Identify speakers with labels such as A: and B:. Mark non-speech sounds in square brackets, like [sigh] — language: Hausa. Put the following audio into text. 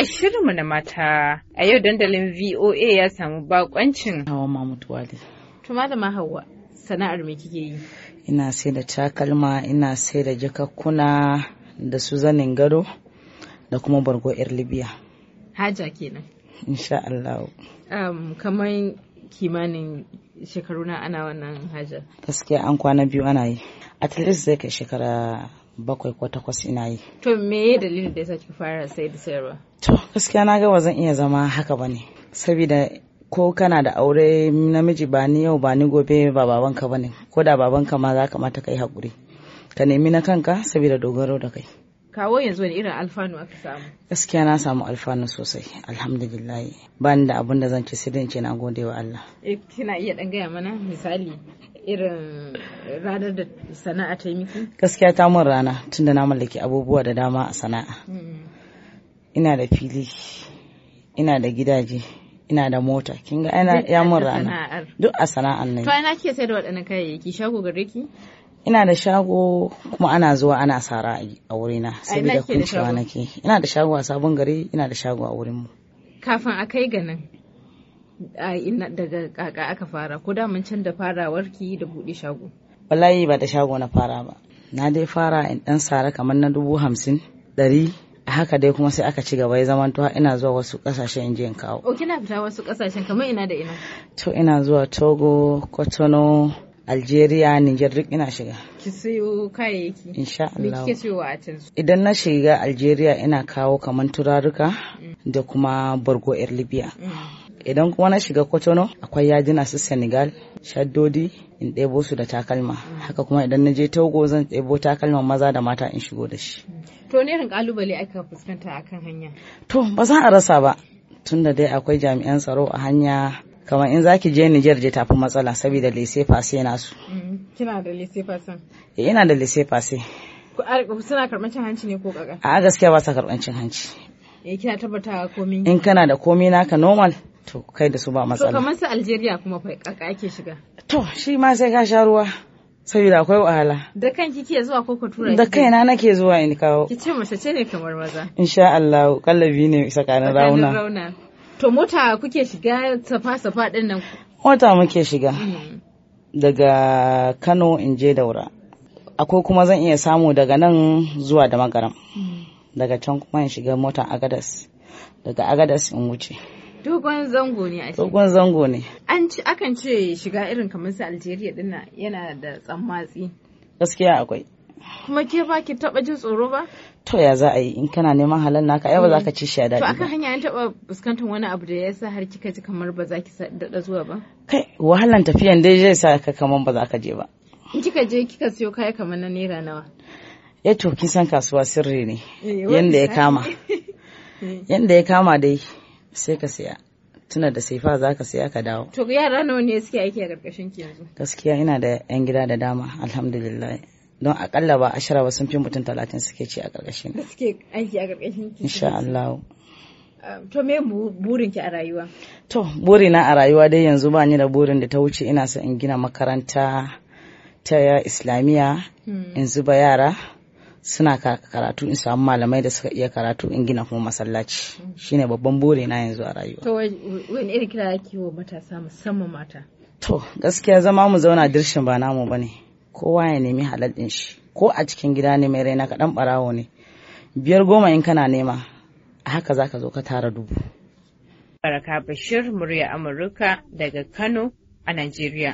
A: A na mata a yau dandalin VOA ya samu bakoncin. Hawa Mahmud Wali. Tuma da Hauwa sana'ar me kike yi?
B: Ina sai da takalma, ina sai da jakakkuna da su zanin gado da kuma bargo 'yar Libya.
A: Haja kenan.
B: Insha Allah.
A: Um, kamar kimanin shekaru na ana wannan haja.
B: Gaskiya an kwana biyu ana yi. At least zai kai shekara bakwai ko takwas ina yi
A: to me ya dalilin da ya sake fara sai da sayarwa
B: to gaskiya na ga ba zan iya zama haka bane saboda ko kana da aure namiji ba ni yau ba ni gobe ba babanka bane ko da babanka ma za kamata kai hakuri ka nemi na kanka saboda dogaro da kai
A: kawo yanzu wani irin alfanu aka samu
B: gaskiya na samu alfanu sosai alhamdulillah ba da abin da zan ci sai ce na gode wa Allah
A: eh, kina iya dan gaya mana misali irin ranar da sana'a ta yi miki?
B: Gaskiya ta mun rana tunda na mallaki abubuwa da dama a sana'a. Mm. Ina da fili, ina da gidaje, ina da mota, kin ga ina ya mun rana. Duk a sana'ar nan. To
A: ina kike sai da waɗannan kayayyaki shago gare ki?
B: Ina da shago kuma ana zuwa ana sara a wurina saboda kuncewa nake. Ina da shago a sabon gari, ina da shago a wurinmu.
A: Kafin a kai ga nan, daga kaka aka fara ko da mun can da farawar ki da buɗe shago
B: wallahi ba da shago na fara ba na dai fara in dan sara kamar na dubu hamsin ɗari haka dai kuma sai aka ci gaba ya zama to ina zuwa wasu kasashen in je in kawo.
A: O kina fita wasu kasashen kamar ina da ina?
B: To ina zuwa Togo, Kotono, Algeria, Niger duk ina shiga.
A: Ki sayo kayayyaki.
B: Insha Allah. Me kike
A: sayowa a can?
B: Idan na shiga Algeria ina kawo kamar turaruka mm. da kuma Borgo 'yar Libya. Mm. idan kuma na shiga kotono akwai yadina su senegal shaddodi in ɗebo su da takalma haka kuma idan na je togo zan ɗebo takalman maza da mata in shigo da shi
A: to ne irin kalubale aka fuskanta akan hanya
B: to ba za a rasa ba tunda dai akwai jami'an tsaro a hanya kamar in zaki je niger je tafi matsala saboda lise fase su.
A: Mm-hmm. kina da lise fase
B: eh, ina da lise fase
A: suna karɓar cin hanci ne ko kaka
B: a gaskiya ba sa karɓar cin hanci
A: eh kina tabbata komi in
B: kana da komi naka normal to kai da su ba matsala. To kamar
A: su Algeria kuma fa kaka ake shiga.
B: To shi ma sai ka sha ruwa. Saboda akwai wahala.
A: Da kan kike zuwa ko ku tura Da kaina
B: nake zuwa in kawo. Ki
A: ce mace ce ne kamar maza.
B: Insha Allah kallabi ne tsakanin rauna.
A: To mota kuke shiga safa safa din nan.
B: Mota muke shiga. Hmm. Daga Kano in je Daura. Akwai kuma zan iya samu daga nan zuwa da magaram. Hmm. Daga can kuma in shiga motar Agadas. Daga Agadas in wuce.
A: dogon zango ne a dogon zango ne an ci akan ce shiga irin kamar su Algeria dina yana da tsammatsi
B: gaskiya akwai
A: kuma ke ba ki taba jin tsoro ba
B: to ya za a yi in kana neman halal naka ai ba za ka ci shi a daɗi to akan
A: hanya an taba fuskantar wani abu da ya sa har kika ji kamar ba za ki daɗa zuwa ba
B: kai wahalan tafiyan dai zai sa ka kamar ba za ka je ba
A: in kika je kika siyo kaya kamar na naira nawa
B: eh to kin san kasuwa sirri ne
A: eh, yanda ya kama [laughs]
B: yanda ya kama dai sai ka siya tuna da saifa za ka siya ka dawo
A: to yara nawa ne suke aiki a karkashin ki yanzu
B: gaskiya ina da yan gida da dama alhamdulillah don akalla ba a ba sun fi mutum talatin suke ci a karkashin
A: suke aiki a karkashin ki insha Allah to me burin ki a rayuwa
B: to burina a rayuwa dai yanzu ba ni da burin da ta wuce ina so in gina makaranta ta islamiyya hmm. in zuba yara suna karatu in samu malamai da suka iya karatu in gina kuma masallaci shine babban bore na yanzu a rayuwa
A: to wani irin kira yake wa matasa musamman mata
B: to gaskiya zama mu zauna dirshin ba namu bane kowa ya nemi halal din shi ko a cikin gida ne mai raina kaɗan ɓarawo ne biyar goma in kana nema a haka zaka zo ka tara dubu
A: Baraka Bashir, murya Amurka daga Kano a Najeriya.